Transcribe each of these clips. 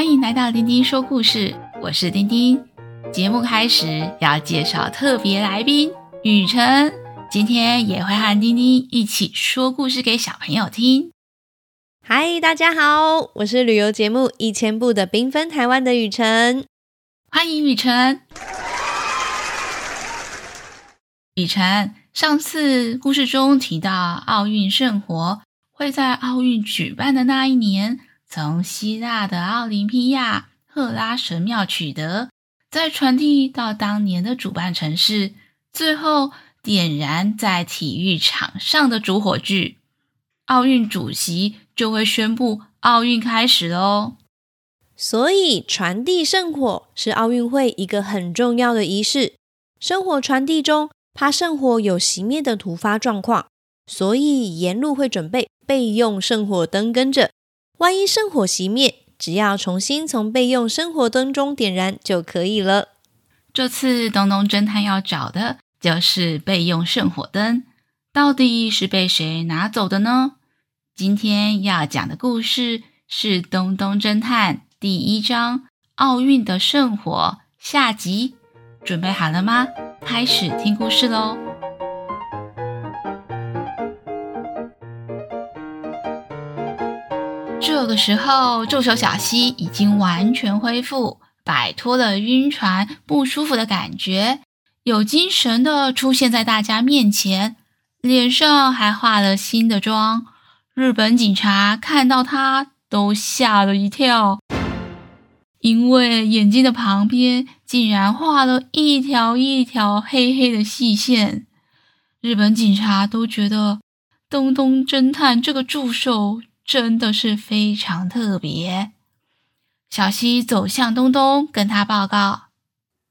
歡迎來到丁丁說故事，我是丁丁。節目開始要介紹特別來賓宇晨，今天也會和丁丁一起說故事給小朋友聽。嗨，大家好，我是旅遊節目一千步的繽紛台灣的宇晨，歡迎宇晨。宇晨，上次故事中提到奧運聖火會在奧運舉辦的那一年。從希臘的奧林匹亞赫拉神廟取得，再傳遞到當年的主辦城市，最後點燃在體育場上的主火炬，奧運主席就會宣布奧運開始嘍。所以傳遞聖火是奧運會一個很重要的儀式。聖火傳遞中怕聖火有熄滅的突發狀況，所以沿路會準備備，備用聖火燈跟着。萬一聖火熄滅，只要重新從備用聖火燈中點燃就可以了。這次東東偵探要找的就是備用聖火燈，到底是被誰拿走的呢？今天要講的故事是《東東偵探》第一章《奧運的聖火》下集，準備好了嗎？開始聽故事嘍！這個時候，助手小希已經完全恢復，擺脫了暈船不舒服的感覺，有精神的出現在大家面前，臉上還化了新的妝。日本警察看到他都嚇了一跳，因為眼睛的旁邊竟然畫了一條一條黑黑的細線。日本警察都覺得東東偵探這個助手。真的是非常特別。小希走向東東，跟他報告：“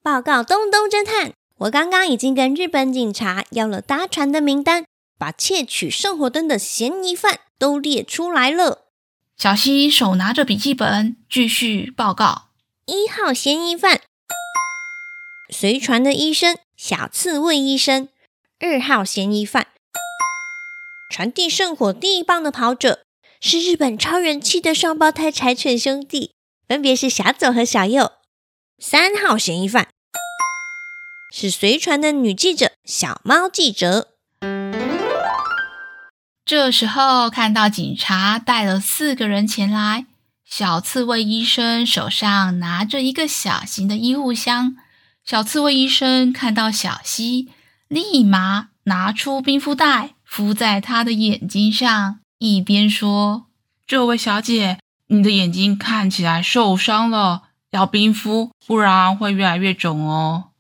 報告東東偵探，我剛剛已經跟日本警察要了搭船的名單，把竊取聖火燈的嫌疑犯都列出來了。”小希手拿着筆記本繼續報告：“一號嫌疑犯，隨船的醫生小刺蝟醫生；二號嫌疑犯，傳遞聖火第一棒的跑者。”是日本超人氣的雙胞胎柴犬兄弟，分別是小左和小右。三號嫌疑犯是隨船的女記者小貓記者。這時候看到警察帶了四個人前來，小刺蝟醫生手上拿着一個小型的醫護箱。小刺蝟醫生看到小希，立馬拿出冰敷袋敷在他的眼睛上。一邊說：“這位小姐，你的眼睛看起來受傷了，要冰敷，不然會越來越腫哦。”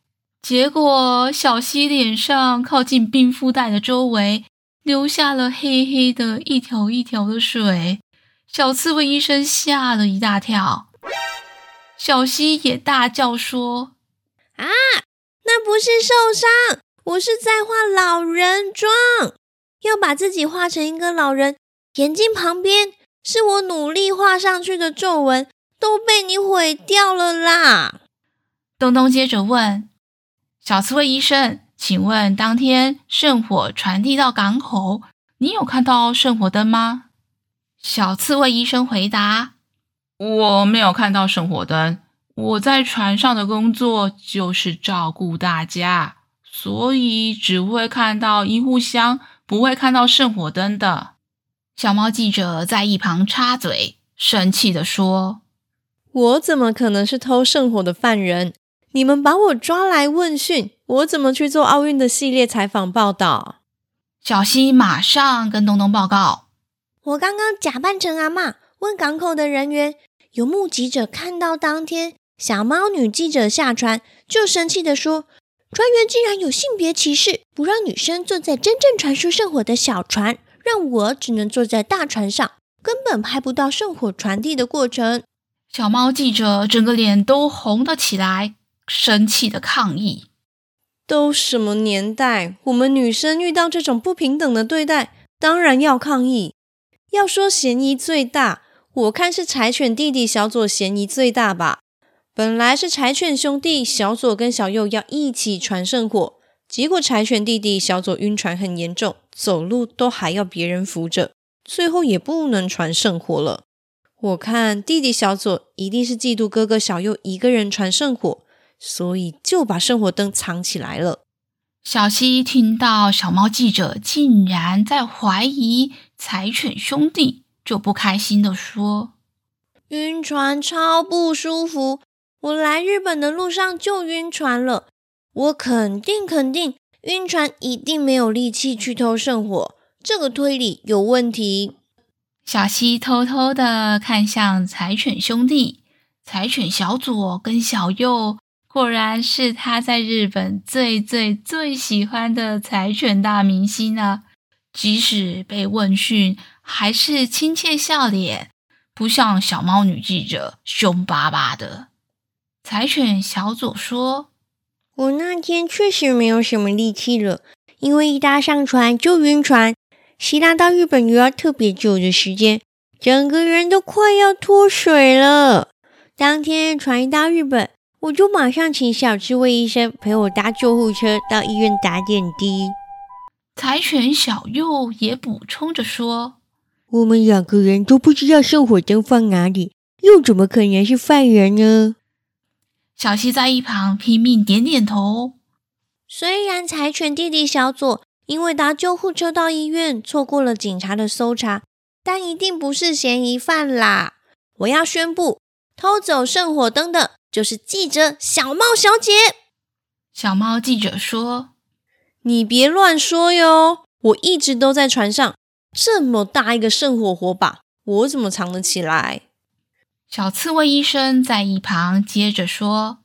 結果小希臉上靠近冰敷袋的周圍，流下了黑黑的一條一條的水。小刺蝟醫生嚇了一大跳，小希也大叫說：“啊，那不是受傷，我是在畫老人妝，要把自己畫成一個老人。”眼睛旁邊是我努力畫上去的皺紋，都被你毀掉了啦！東東接着問：“小刺蝟醫生，請問當天聖火傳遞到港口，你有看到聖火燈嗎？”小刺蝟醫生回答：“我沒有看到聖火燈。我在船上的工作就是照顧大家，所以只會看到醫護箱，不會看到聖火燈的。”小貓記者在一旁插嘴，生氣地說：“我怎麼可能是偷聖火的犯人？你們把我抓來問訊，我怎麼去做奧運的系列採訪報道？”小希馬上跟東東報告：“我剛剛假扮成阿嬤，問港口的人員，有目擊者看到當天小貓女記者下船，就生氣地說，船員竟然有性別歧視，不讓女生坐在真正傳輸聖火的小船。”讓我只能坐在大船上，根本拍不到聖火傳遞的過程。小貓記者整個臉都紅了起來，神氣的抗議：“都什麼年代，我們女生遇到這種不平等的對待，當然要抗議！要說嫌疑最大，我看是柴犬弟弟小佐嫌疑最大吧。本來是柴犬兄弟小佐跟小佑要一起傳聖火，結果柴犬弟弟小佐暈船很嚴重。”走路都還要別人扶着，最後也不能傳聖火了。我看弟弟小左一定是嫉妒哥哥小右一個人傳聖火，所以就把聖火燈藏起來了。小西聽到小貓記者竟然在懷疑柴犬兄弟，就不開心地說：“暈船超不舒服，我來日本的路上就暈船了，我肯定肯定。”暈船一定沒有力氣去偷聖火，這個推理有問題。小希偷偷的看向柴犬兄弟，柴犬小左跟小右，果然是他在日本最最最喜歡的柴犬大明星呢！即使被問訊，還是親切笑臉，不像小貓女記者凶巴巴的。柴犬小左說。我那天確實沒有什麼力氣了，因為一搭上船就暈船。希臘到日本又要特別久的時間，整個人都快要脫水了。當天船一到日本，我就馬上請小智慧醫生陪我搭救護車到醫院打點滴。柴犬小右也補充着說：“我們兩個人都不知道聖火燈放哪裡，又怎麼可能是犯人呢？”小希在一旁拼命點點頭。雖然柴犬弟弟小佐因為搭救護車到醫院，錯過了警察的搜查，但一定不是嫌疑犯啦！我要宣布，偷走聖火燈的就是記者小貓小姐。小貓記者說：“你別亂說喲，我一直都在船上。這麼大一個聖火火把，我怎麼藏得起來？”小刺蝟醫生在一旁接着說：“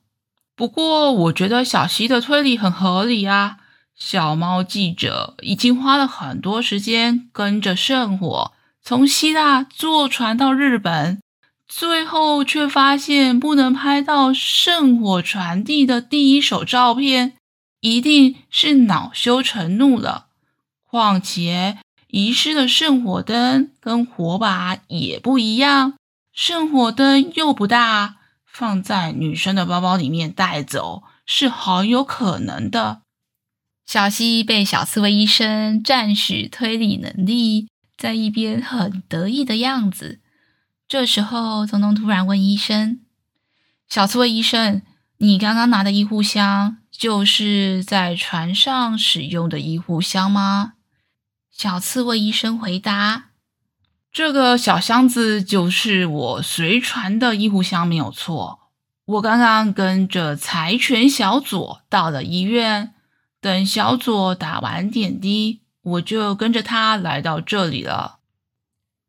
不過，我覺得小希的推理很合理啊。小貓記者已經花了很多時間跟着聖火，從希臘坐船到日本，最後卻發現不能拍到聖火傳遞的第一手照片，一定是惱羞成怒了。況且，遺失的聖火燈跟火把也不一樣。”聖火燈又不大，放在女生的包包裡面帶走是好有可能的。小希被小刺蝟醫生讚許推理能力，在一邊很得意的樣子。這時候，東東突然問醫生：“小刺蝟醫生，你剛剛拿的醫護箱，就是在船上使用的醫護箱嗎？”小刺蝟醫生回答。這個小箱子，就是我隨船的醫護箱，沒有錯。我剛剛跟着柴犬小佐到了醫院，等小佐打完點滴，我就跟着他來到這裡了。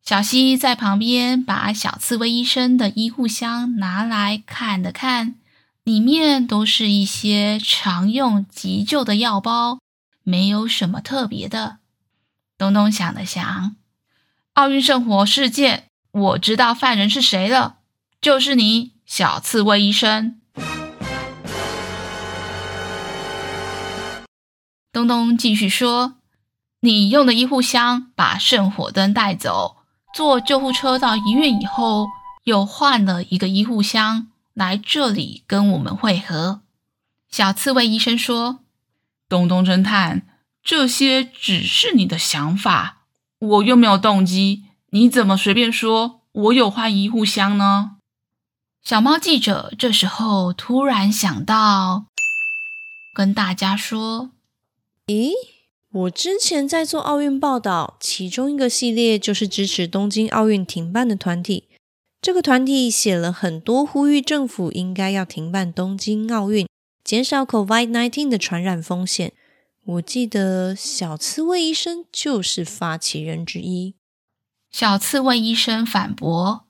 小希在旁邊把小刺蝟醫生的醫護箱拿來看了看，裡面都是一些常用急救的藥包，沒有什麼特別的。東東想了想。奧運聖火事件，我知道犯人是誰了，就是你，小刺蝟醫生。東東繼續說：“你用的醫護箱把聖火燈帶走，坐救護車到醫院以後，又換了一個醫護箱來這裡跟我們會合。”小刺蝟醫生說：“東東偵探，這些只是你的想法。”我又沒有動機，你怎麼隨便說？我有話一互相呢。小貓記者這時候突然想到，跟大家說：咦，我之前在做奧運報道，其中一個系列就是支持東京奧運停辦的團體。這個團體寫了很多呼籲政府應該要停辦東京奧運，減少 COVID-19 的傳染風險。我記得小刺蝟醫生就是發起人之一。小刺蝟醫生反駁：“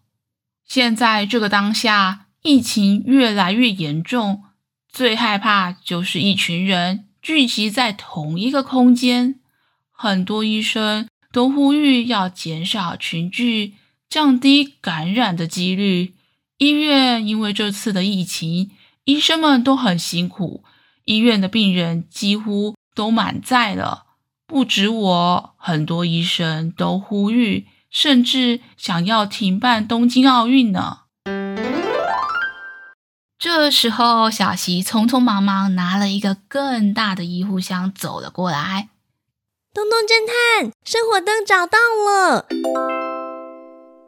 現在這個當下，疫情越來越嚴重，最害怕就是一群人聚集在同一個空間。很多醫生都呼籲要減少群聚，降低感染的幾率。醫院因為這次的疫情，醫生們都很辛苦，醫院的病人幾乎……”都滿載了，不止我，很多醫生都呼籲，甚至想要停辦東京奧運呢。 這時候，小希匆匆忙忙拿了一個更大的醫護箱走了過來。東東偵探，聖火燈找到了，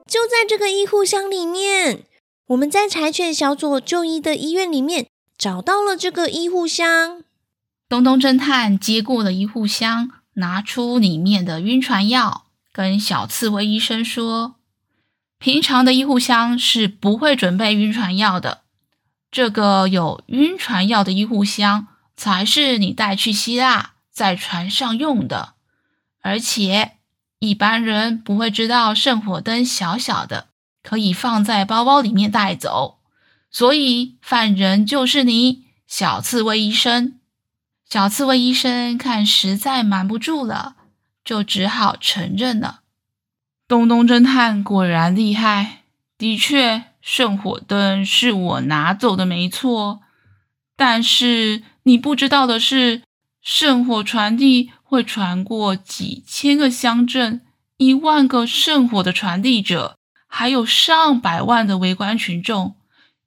就在這個醫護箱裡面。我們在柴犬小佐就醫的醫院裡面找到了這個醫護箱。東東偵探接過了醫護箱，拿出裡面的暈船藥，跟小刺蝟醫生說：“平常的醫護箱是不會準備暈船藥的，這個有暈船藥的醫護箱才是你帶去希臘在船上用的。而且一般人不會知道聖火燈小小的可以放在包包裡面帶走，所以犯人就是你，小刺蝟醫生。”小刺蝟醫生看實在瞞不住了，就只好承認了。東東偵探果然厲害，的確，聖火燈是我拿走的，沒錯。但是你不知道的是，聖火傳遞會傳過幾千個鄉鎮，一萬個聖火的傳遞者，還有上百萬的圍觀群眾。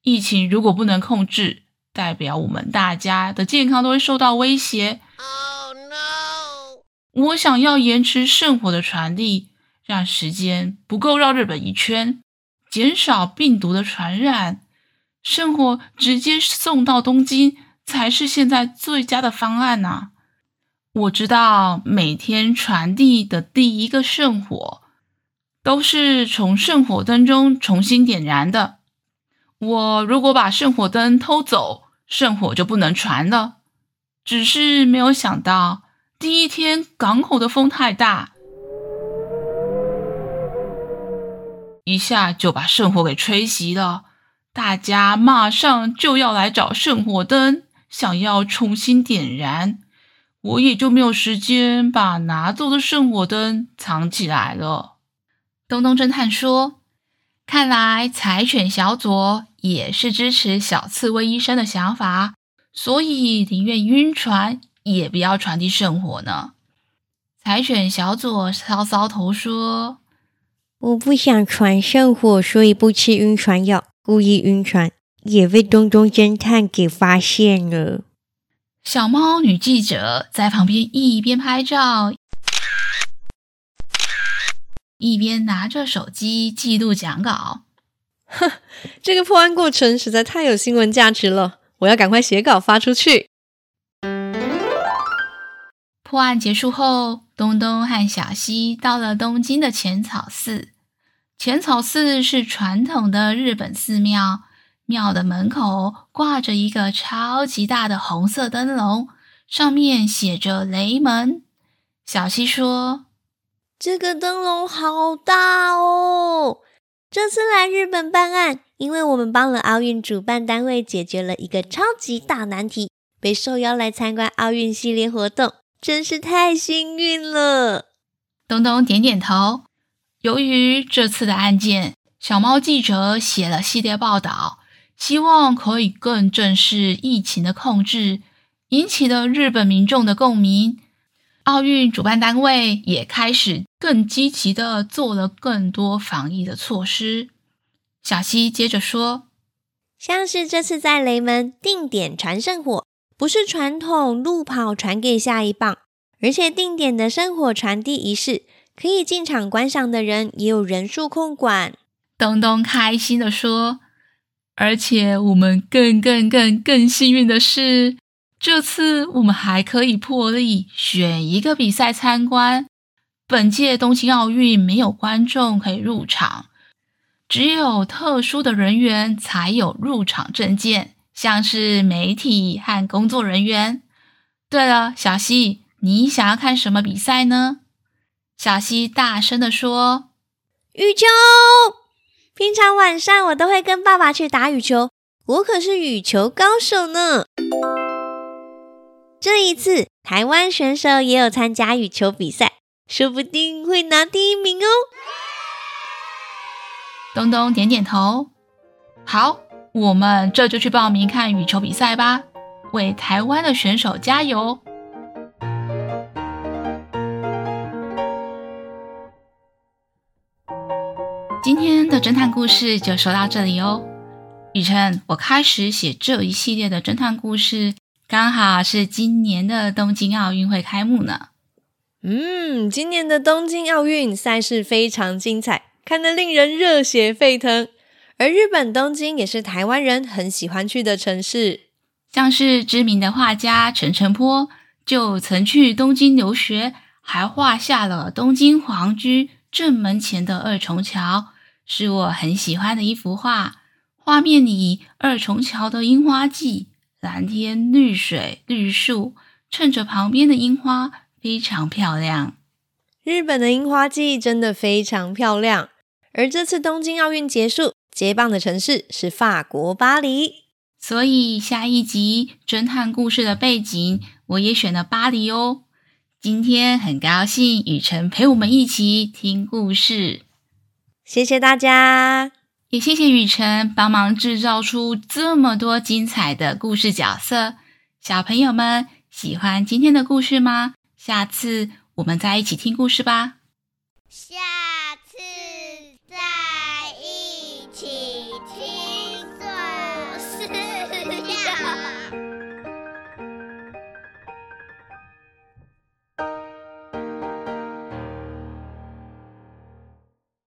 疫情如果不能控制，代表我們大家的健康都會受到威脅。Oh, no! 我想要延遲聖火的傳遞，讓時間不夠繞日本一圈，減少病毒的傳染。聖火直接送到東京才是現在最佳的方案呢、啊。我知道每天傳遞的第一個聖火都是從聖火燈中重新點燃的。我如果把聖火燈偷走，聖火就不能傳了。只是沒有想到，第一天港口的風太大，一下就把聖火給吹熄了。大家馬上就要來找聖火燈，想要重新點燃，我也就沒有時間把拿走的聖火燈藏起來了。東東偵探說：“看來柴犬小佐。”也是支持小刺蝟醫生的想法，所以寧願暈船也不要傳遞聖火呢。柴犬小佐搔搔頭說：“我不想傳聖火，所以不吃暈船藥，故意暈船，也被東東偵探給發現了。”小貓女記者在旁邊一邊拍照，一邊拿着手機記錄講稿。哼，這個破案過程實在，太有新聞價值了，我要趕快寫稿發出去。破案結束後，東東和小希到了東京的淺草寺。淺草寺是傳統的日本寺廟，廟的門口掛着一個超級大的紅色燈籠，上面寫着“雷門”。小希說：“這個燈籠好大哦！”這次來日本辦案，因為我們幫了奧運主辦單位解決了一個超級大難題，被受邀來參觀奧運系列活動，真是太幸運了。東東點點頭。由於這次的案件，小貓記者寫了系列報道，希望可以更正視疫情的控制，引起了日本民眾的共鳴。奧運主辦單位也開始更積極的做了更多防疫的措施。小希接着說：“像是這次在雷門定點傳聖火，不是傳統路跑傳給下一棒，而且定點的聖火傳遞儀式，可以進場觀賞的人也有人數控管。”東東開心的說：“而且我們更更更更幸運的是。”這次我們還可以破例選一個比賽參觀。本屆東京奧運沒有觀眾可以入場，只有特殊的人員才有入場證件，像是媒體和工作人員。對了，小希，你想要看什麼比賽呢？小希大聲的說：“羽球。平常晚上我都會跟爸爸去打羽球，我可是羽球高手呢。”這一次，台灣選手也有參加羽球比賽，說不定會拿第一名哦。東東點點頭，好，我們這就去報名看羽球比賽吧，為台灣的選手加油。今天的偵探故事就說到這裡哦，宇晨，我開始寫這一系列的偵探故事，剛好是今年的東京奧運會開幕呢。嗯，今年的東京奧運賽事非常精彩，看得令人熱血沸騰。而日本東京也是台灣人很喜歡去的城市，像是知名的畫家陳澄波，就曾去東京留學，還畫下了東京皇居正門前的二重橋，是我很喜歡的一幅畫。畫面裡二重橋的櫻花季。藍天、綠水、綠樹，襯着旁邊的櫻花，非常漂亮。日本的櫻花季真的非常漂亮。而這次東京奧運結束，接棒的城市是法國巴黎，所以下一集偵探故事的背景，我也選了巴黎哦。今天很高興宇晨陪我們一起聽故事，謝謝大家。也謝謝宇晨幫忙製造出這麼多精彩的故事角色，小朋友們喜歡今天的故事嗎？下次我們再一起聽故事吧。下。